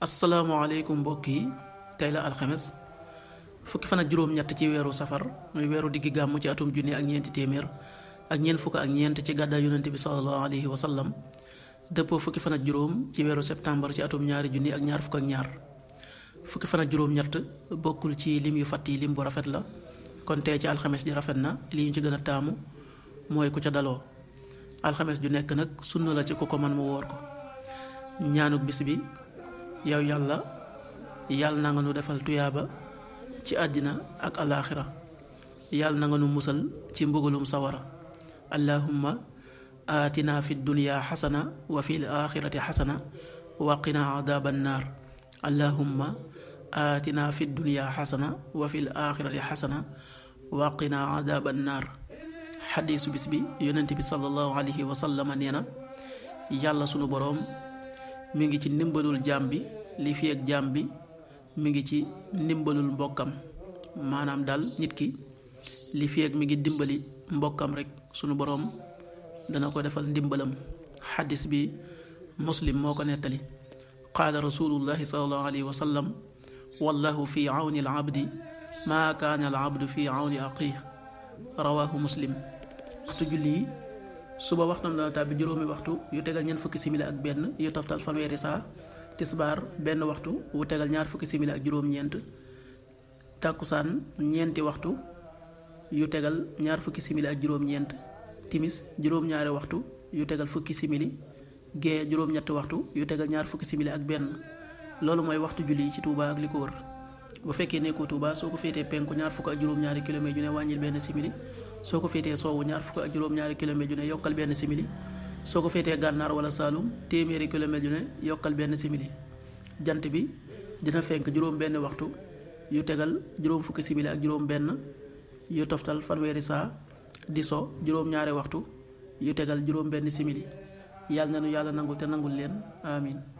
asalaamaaleykum mbokk yi tey la alxemes fukki fan ak juróom-ñett ci weeru safar muy weeru diggi gàmmu ci atum junni ak ñeenti téeméer ak ñeent fukk ak ñeent ci gàddaay yonente bi sallallahu alayhi wa sallam dëppoo fukki fan ak juróom ci weeru septembre ci atum ñaari junni ak ñaar fukk ak ñaar fukki fan ak juróom-ñett bokkul ci lim yu fàtt yi lim bu rafet la kon tey ci alxames ji rafet na li ñu ci gën a taamu mooy ku ca daloo alxames ju nekk nag sunna la ci ku ko man mu wóor ko ñaanuk yow yàlla yàlla na nga nu defal tuyaaba ci àddina ak alaaxira yàlla na nga nu musal ci mbugalum sawara allahumma aatina fi dunya xasana wa fi alaaxirati xasana wa qina adaaba annaar allahumma aatina fi bi yonent bi sallallahu alayhi wa sallam nee na sunu boroom mi ngi ci ndimbalul jaam bi li fi ak jaam bi mi ngi ci ndimbalul mbokkam maanaam daal nit ki li fi ak mi ngi dimbali mbokkam rekk sunu boroom dana ko defal ndimbalam xadis bi muslim moo ko nettali qaala rasulullahi salallahu alayhi wallahu fi awni al maa kaana al fi awni aqih rawahu muslim waxtu julli suba waxtam nawetaa bi juróomi waxtu yu tegal ñeent fukki simili ak benn yu toftal fanweeri saa tisbaar benn waxtu wu tegal ñaar fukki simili ak juróom-ñeent tàkkusaan ñeenti waxtu yu tegal ñaar fukki simili ak juróom timis juróom waxtu yu tegal fukki simili gee juróom-ñetti waxtu yu tegal ñaar fukki simili ak benn loolu mooy waxtu julli ci Tuuba ak li ko bu fekkee nekkoo ba soo ko feetee penku ñaar fukk ak juróom-ñaari kilomètres yu ne wàññil benn simili soo ko féetee soowu ñaar fukk ak juróom-ñaari kilomètres yu ne yokkal benn simili soo ko féetee gànnaar wala Saalum téeméeri kilomètres yu ne yokkal benn simili jant bi dina fenk juróom benn waxtu yu tegal juróom fukki simili ak juróom benn yu toftal fanweeri sa di so juróom-ñaari waxtu yu tegal juróom benn simili yàlla na nu yàlla nangul te nangul leen amin